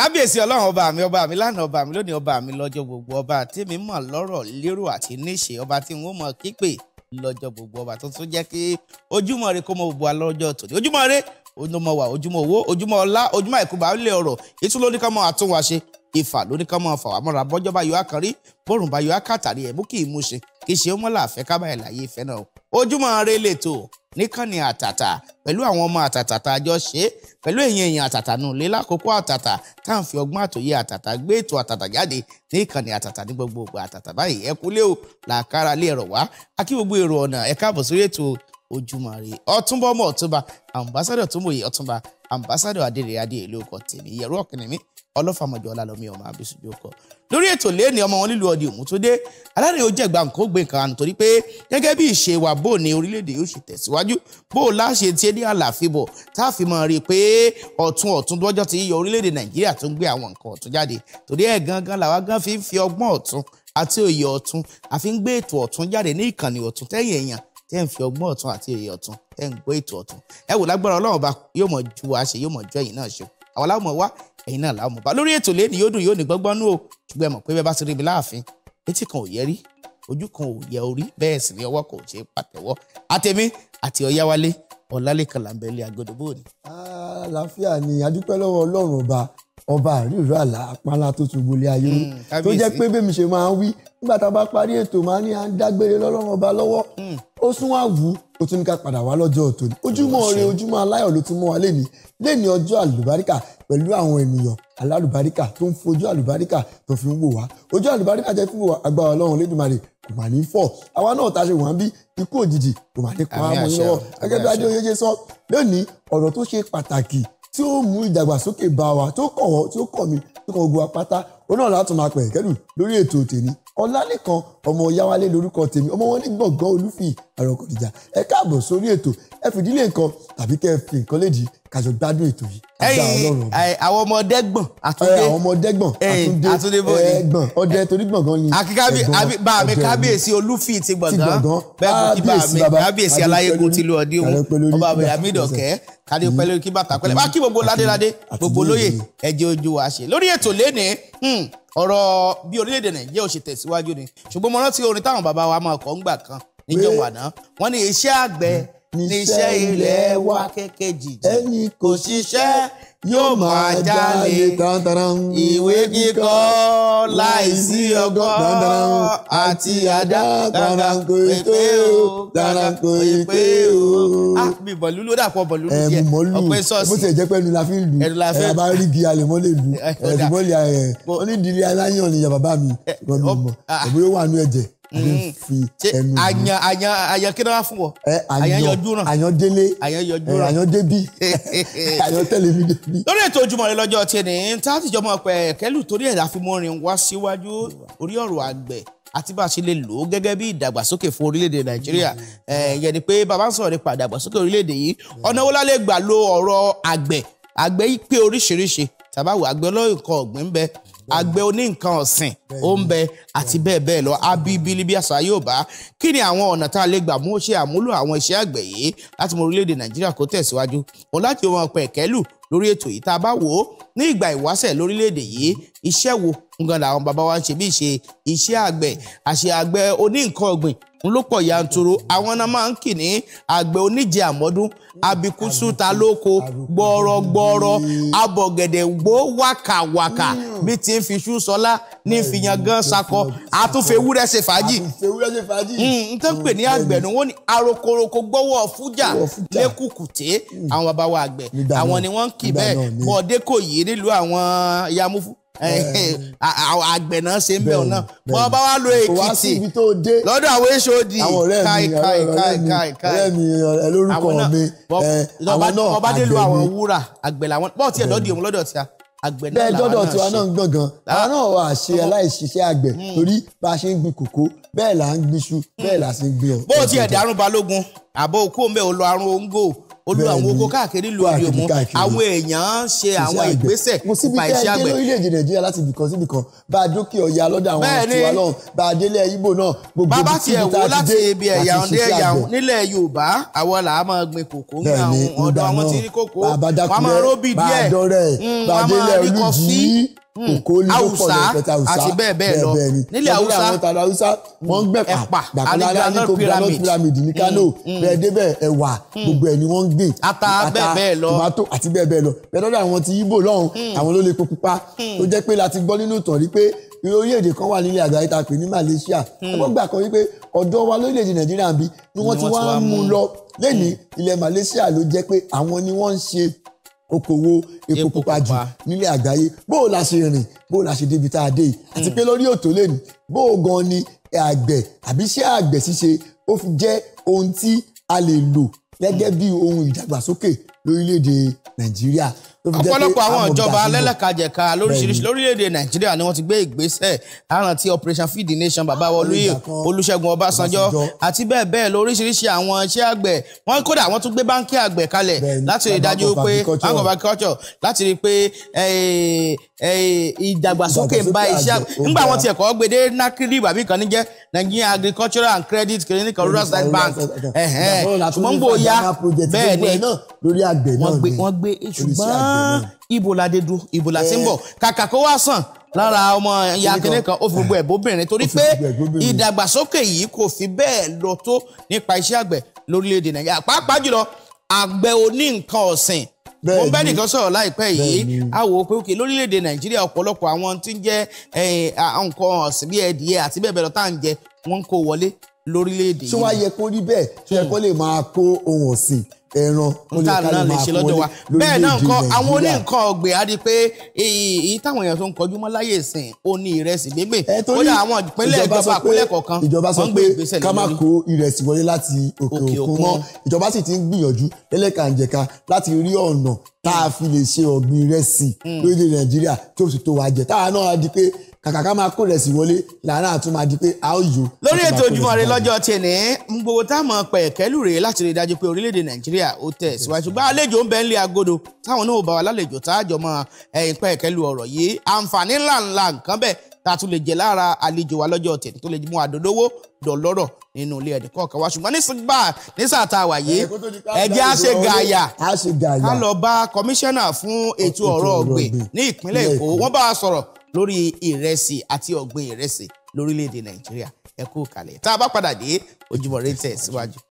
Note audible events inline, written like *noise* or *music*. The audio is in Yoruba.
kábíyèsí ọlọ́run ọba mi ọba mi lánàá ọba mi lónìí ọba mi lọ́jọ́ gbogbo ọba tèmi mọ̀ lọ́rọ̀ lérò àti níṣe ọba tí n ó mọ̀ kípè lọ́jọ́ gbogbo ọba tó tún jẹ́ kí ojúmọ́ ire kó mọ gbogbo wa lọ́jọ́ tòní ojúmọ́ ire ojúmọ́ wà ojúmọ́ owó ojúmọ́ ọlá ojúmọ́ àìkú baálé ọ̀rọ̀ ìtúlóníkàmọ́ àtúnwáṣe Ifa, ló ní kán mọ́ fà wá mọ́ra bọ́jọ́ bá yọ akànrí bọ́rùn bá yọ akátàrí ẹ̀ mú kí ìmúṣe kì í ṣe ọmọlá àfẹ́ kábàáyé láyé ìfẹ́ náà Ojúmọ́ Ire lètò níkànnì àtàtà pẹ̀lú àwọn ọmọ àtàtà tá a jọ ṣe pẹ̀lú èyàn èyàn àtàtà nù lé lákòókò àtàtà tá à ń fi ọgbọ́n àtòyé àtàtà gbé ètò àtàtà jáde ní ìkànnì àtàtà ní gbogbo ògbà àtàtà báyìí ẹ kúlé o làkàrà lé ẹ̀rọ wá akí gbogbo èrò ọ̀nà ẹ káàbọ̀ sórí ètò Ojúmọ́ Ire Ọ̀túnba ọmọ Ọ̀túnba àmbásádọ̀ tó mòye Ọ̀túnba ambassadọ adèrè adìyẹ ilé ọkọ tèmi yẹrù ọkìnrin mi ọlọ́fàmọjọ ọlálọ́mí ọmọ abisojú ọkọ lórí ètò lẹ́ni ọmọ wọn lílu ọdí òmùtúndé alárèé ó jẹ̀gbà nǹkan ó gbé nǹkan àná torí pé gẹ́gẹ́ bí ìṣe wa bó ni orílẹ̀-èdè yóò ṣe tẹ̀síwájú bó láṣẹ tí ó ní àlàfíbọ̀ tá a fi rí i pé ọ̀tun ọ̀tun lọ́jọ́ ti yíyọ orílẹ̀ nàìjíríà tó ń gbé àwọn nǹkan ọ̀tun jáde torí ẹ̀ gangan làwa gan fi ń fi ọgbọ́n ọ̀tun àti òye ọ̀tun àfi ń gbé ètò ọ̀tun jáde ní ìkànnì ọ̀tun tẹ́yìn èèyàn tẹ́ fi ọgbọ́n ọ̀tun àti òye ọ̀tun ẹ̀ ń gbọ́ ètò ọ̀tún ẹ wò lágbára ọlọ́run bá yóò mọ̀ ju wa ṣe yóò mọ̀ ju ẹ̀yin náà ṣe àwọn aláwọ̀ wá ẹ̀yin náà láwọ̀ bá lórí ètò lẹ́ni yóò dùn yóò ní gbọ́ngbọ́n nú o ṣùgbọ́n ẹ mọ̀ pé bẹ́ẹ̀ bá ti rí mi láàfin etí kan ò yẹ rí ojú kan ò yẹ orí bẹ́ẹ̀ sì ni ọwọ́ kan ò ṣe é pàtẹ́wọ́ àtẹ̀mí àti ọ̀yáwálé ọ̀làlẹ́kan làǹbẹ̀lẹ̀ àgọ́dọ̀ bóòní. àlàáfíà ni adúpẹ́ lọ́wọ́ ọlọ́run ọba ọba àríwá àlà tó ṣubú lé ayé hmm, tó jẹ́ pé bẹ́ẹ̀ mi ṣe máa ń wí nígbà tá a bá parí ètò máa ní à ń dágbére lọ́lọ́run ọba lọ́wọ́ hmm. ó sún àwù ó tún ní ká padà wá lọ́jọ́ òtòní ojúmọ́ ire ojúmọ́ aláyọ̀ ló tún mọ́ wa léni léni ọjọ́ àlùbáríkà pẹ̀lú àwọn ènìyàn alálùbáríkà tó ń fojú àlùbáríkà tó fi ń wò wá ojú àlùbáríkà jẹ́ fún agbára ọlọ́run lédùmarè kò mà ní fọ́ àwa náà tá a ṣe wọ́n bí ikú òjijì kò mà ní pa á mọ́ yín lọ́wọ́ gẹ́gẹ́ bí adéoyè sọ lónìí ọ̀rọ̀ tó ṣe pàtàkì tí ó mú ìdàgbàsókè bá wa tó kọ̀ wọ́ tí ó kọ̀ mi nípa ogun apáta ó náà látún máa pẹ̀ kẹ́dùn lórí ètò tèmi ọlálẹ́kan ọmọ yáwálé lórúkọ tèmi ọmọ wọn ní gbọ̀ngàn olúfì àròkọ̀dìjà ẹ káàbọ̀ sórí ètò ẹ fìdílé nǹkan tàbí kẹ́ ẹ fi nǹkan lédìí kájọ gbádùn ètò yìí ẹ̀yin àwọn ọmọ ọdẹgbọn àtúndé àwọn ọmọ ọdẹgbọn àtúndé ẹgbọn ọdẹ torí gbọngàn ni akíkábí bá mi kábíyèsí olúfì ti gbọngàn bẹ́ẹ̀ kò kí bá mi kábíyèsí aláyégo ti lu ọdí òun ọba àbẹyà mídọkẹ kádé mm-hmm. pẹ̀lú kí bàtà pẹ̀lẹ́ bá kí gbogbo ládéládé gbogbo lóye ẹjẹ ojú wa ṣe lórí ètò léni hmm, ọ̀rọ̀ bí orílẹ̀-èdè nàìjíríà ò ṣe tẹ̀síwájú ni ṣùgbọ́n mo rántí orin táwọn bàbá wa máa kọ ńgbà kan níjọ́ wàná wọ́n ní iṣẹ́ àgbẹ̀ níṣẹ́ ilẹ̀ wa kékejì jì ẹni kò ṣiṣẹ́ yóò máa jalè ìwé kíkọ láìsí ọgbọ́n àti àdá gbàǹkó ìpè o gbàǹkó ìpè o. a ah, mi bọ̀lú ló dàpọ̀ bọ̀lú ló jẹ ọ̀pẹ sọ́ọ̀sì. mo ti jẹ́ pé ẹnu la fi ń lu ẹ̀ bá rí gi alẹ́ mọ́ lè lu *laughs* ẹ̀ dùbọ́lì ẹ̀ onídìrí aláyàn ni yàrá bàbá mi rọ̀bì eh, oh, mọ̀ ah. òbí ó wà nú ẹ̀jẹ̀ lè hmm. fi ẹnu mi. àyàn àyàn àyàn kí ni wọ́n fún wọ. àyàn yọjú náà àyàn délé àyàn yọjú náà àyàn débí àyàn *laughs* tẹ̀lé mi débí. lórí ètò Ojúmọ́ Ire lọ́jọ́ tẹni tá a ti jọmọ pẹ kẹlù torí ẹ àfimọrin wá síwájú orí ọ̀rọ̀ àgbẹ̀ àti bá a ṣe lè lò ó gẹ́gẹ́ bí ìdàgbàsókè fún orílẹ̀-èdè nàìjíríà ìyẹn ni pé bàbá ń sọ̀rọ̀ nípa ìdàgbàsókè orílẹ̀-èdè yìí ọ̀nà wo la lè gbà lo ọ̀rọ̀ àgbẹ̀ àgbẹ̀ yìí pé oríṣiríṣi tàbá wò àgbẹ̀ ọlọ́yìn kan ọ̀gbìn ń bẹ àgbẹ̀ oní nǹkan ọ̀sìn ó ń bẹ àti bẹ́ẹ̀ bẹ́ẹ̀ lọ abibili bí àṣà Yorùbá kí ni àwọn ọ̀nà tá a lè gbà mú ṣe àmúlò àwọn iṣẹ́ àgbẹ̀ yìí láti mú orílẹ̀-èdè Nàìjíríà kó tẹ̀síwájú òun láti wọn pẹ̀kẹ́lù lórí ètò yìí tá a bá wò ó ní ìgbà ìwáṣẹ̀ lórílẹ̀-èdè yìí iṣẹ́ wo nǹkan làwọn bàbá wa ń ṣe bí ṣe iṣẹ́ àgbẹ̀ àṣẹ àgbẹ̀ oníǹkan ọ̀gbìn ń ló pọ̀ yanturu àwọn náà máa ń kì ní àgbẹ̀ oníjẹ àmọ́dún abikusu ta lóko gbọ́rọ̀gbọ́rọ̀ abọ̀gẹ̀dẹ̀ gbó wákàwákà bí ti ń fi ṣú sọlá ní ìfìyàn gan sakọ àtúnfẹ́ ṣe fàájì hmm, n tó ń pè ní àgbẹ̀ ni wọ́n ní arokoroko gbọ́wọ́ fújà lẹ́kùkùté àwọn bàbá wa àgbẹ̀ àwọn ni wọ́n ń kì bẹ́ẹ̀ kọ́ọ̀dẹ́kọ̀ yìí nílùú àwọn yamufu àgbẹ̀nà eh, eh, ṣe ń bẹ̀ ọ̀nà bọ́ bá wa lo èkìtì lọ́dọ̀ àwọn èso di káì káì káì káì káì ọ̀rẹ́ mi ọ̀rẹ́ lórúkọ mi àwọn náà ọba dé lu àwọn wúrà àgbẹ̀ làwọn bọ́ọ̀ tiẹ̀ lọ́dọ̀ òun lọ́dọ̀ tíya àgbẹ̀ náà làwọn náà ṣe bẹ́ẹ̀ dọ́dọ̀ tiwa náà ń gbọ̀ngàn ah. àwọn náà wà ṣe aláìṣiṣẹ́ àgbẹ̀ hmm. torí bá a ṣe ń gbin kòkó bẹ́ẹ̀ là ń gbin iṣu bẹ́ẹ̀ là ń gbin ọ̀ ó lu àwọn oko káàkiri lu àbí òmu àwọn èèyàn ṣe àwọn ìgbésẹ̀ nípa iṣẹ́ àgbẹ̀. mo síbi tẹ́ ẹ dé lórílẹ̀‐èdè nàìjíríà láti ibìkan sí ibìkan bá a dókè ọ̀yà lọ́dọ̀ àwọn tiwa náà bá a délé ibo náà gbogbo ibi tí ibi tá ti dé láti ibi ẹ̀yà nílẹ̀ yorùbá àwọn là á máa gbin kòkó ní àwọn ọ̀dọ̀ àwọn tí rí kòkó wọ́n máa róbì díẹ̀ hmm, wọ́n máa rí kọfí okòólì hmm. ló pọ̀ ní ìkẹta Hausa àti bẹ́ẹ̀ bẹ́ẹ̀ lọ nílẹ̀ Hausa àwọn tàlà Hausa wọ́n ń gbẹ̀pà dàkúlá aláàlú tó granite pyramid ní hmm. Kano hmm. bẹ́ẹ̀ débẹ̀ ẹ̀wà gbogbo ẹ̀ ni wọ́n ń ata bẹ́ẹ̀ bẹ́ẹ̀ lọ tomato àti bẹ́ẹ̀ bẹ́ẹ̀ lọ bẹ́ẹ̀ lọ́dọ̀ àwọn ti Ìgbò lọ́hùn àwọn ló lè po pupa tó jẹ́ pé láti gbọ́ nínú ìtàn rí pé orílẹ̀-èdè kan wà nílẹ̀ àgbáyé ta pè ní Malaysia wọ́n gbà kan wípé ọ̀dọ́ wa lórílẹ̀-èdè Nàìjíríà ń bí ni wọ́n ti wá ń mú lọ lẹ́ni ilẹ̀ Malaysia ló jẹ́ pé àwọn ni wọ́n ń ṣe okòwò epo pupa jù nílẹ̀ àgbáyé bó o la ṣe rìn bó o la ṣe débi tá a dé yìí àti hmm. pé lórí òtò lè ní bó o gan ni àgbẹ̀ àbí ṣé àgbẹ̀ ṣíṣe ó fi jẹ́ ohun tí a lè lò gẹ́gẹ́ bí ohun ìdàgbàsókè lórílẹ̀‐èdè Nàìjíríà ọ̀pọ̀lọpọ̀ àwọn ìjọba alẹ́lẹ́kajẹ̀ka lóríṣiríṣi lórílẹ̀‐èdè nàìjíríà ni wọ́n ti gbé ìgbésẹ̀ àrántí operation feed the nation bàbá olóyè ah, olúṣẹ́gun ọbásanjọ́ àti bẹ́ẹ̀ bẹ́ẹ̀ lóríṣiríṣi àwọn iṣẹ́ àgbẹ̀ wọ́n kódà wọ́n tún gbé báńkì àgbẹ̀ kalẹ̀ láti rí dájú pé bank of agriculture láti rí pé ìdàgbàsókè ń bá iṣẹ́ àgbẹ̀ nígbà wọ́n ti ẹ̀kọ́ gbede nakiri bàbí kan níjẹ́ Nigerian Agricultural and Credit Clinic Rural Side Bank ṣùgbọ́n gbòòyà bẹ́ẹ̀ ni wọ́n gbé ṣùgbọ́n ibo la dé dúró ibo la ti ń bọ̀ eh. kàkà kó wá sàn lára ọmọ ìyá kìnìún kan ó fi gbogbo ẹ̀bóbìnrin torí pé ìdàgbàsókè yìí kò fi bẹ́ẹ̀ lọ tó nípa iṣẹ́ àgbẹ̀ lórílẹ̀‐èdè nàìjíríà pàápàá jùlọ àgbẹ̀ oní nǹkan ọ̀sìn mo bẹ́ẹ̀ nìkan sọ̀rọ̀ láìpẹ́ yìí a wò ó pé òkè lórílẹ̀‐èdè nàìjíríà ọ̀pọ̀lọpọ̀ àwọn tí ń jẹ́ nǹkan ọ̀sìn bí ẹ̀dìyẹ àti bẹ́ẹ̀ bẹ́ẹ̀ lọ tá à ń jẹ wọ́n ń kó wọlé lórílẹ̀‐èdè yìí. ṣé wàá yẹ kó rí bẹ́ẹ̀ ṣé yẹ kó lè máa kó ohun ọ̀sìn ẹran ó lè ká lè máa fún wọn bẹ́ẹ̀ náà kọ́ àwọn oníǹkan ọ̀gbìn á di pé èyí táwọn èèyàn tó ń kọjú mọ́ láyé ìsìn ó ní ìrẹsì gbígbé kódà àwọn ìpínlẹ̀ ìjọba àpínlẹ̀ kọ̀ọ̀kan ìjọba sọ pé ká má kó ìrẹsì wọlé láti òkè òkun mọ́ ìjọba sì ti ń gbìyànjú lẹ́lẹ́kànjẹ̀ka láti rí ọ̀nà tá a fi lè ṣe ọ̀gbìn ìrẹsì hmm. lórílẹ̀ Nàìjíríà tó sì tó wá jẹ táwa náà á di pé kàkà ká máa kó rẹ̀ sí wọlé làárá àtún máa di pé a ó yò. lórí ètò Ojúmọ́ Ire lọ́jọ́ tẹ̀lé ń gbogbo táwọn ọ̀pẹ̀ ẹ̀kẹ́lù rèé láti rí dájú pé orílẹ̀-èdè nàìjíríà ó tẹ̀ síwájú gbá àlejò ń bẹ ń lé agodo táwọn náà ò bá wa lálejò táàjọ mọ ẹ̀yìn pẹ̀ ẹ̀kẹ́lù ọ̀rọ̀ yìí àǹfààní ńláńlá nǹkan bẹ́ẹ̀ tá a tún lè jẹ lára àlejò wa lọ́jọ́ tẹ̀lé tó lè mú àdódówó dọ̀lọ́rọ̀ nínú ilé ẹ̀dẹ̀ kọ̀ọ̀kan wa ṣùgbọ́n nígbà nísàtà wàyé ẹ̀jẹ̀ á ṣe gàyà ká lọ bá kọmíṣánná fún ètò ọ̀rọ̀ ọ̀gbìn ní ìpínlẹ̀ èkó wọ́n bá a sọ̀rọ̀ lórí ìrẹsì àti ọ̀gbìn ìrẹsì lórílẹ̀‐èdè nàìjíríà ẹ kú kalẹ̀ tá a bá padà dé ojúmọ́ ire tẹ̀ síwájú.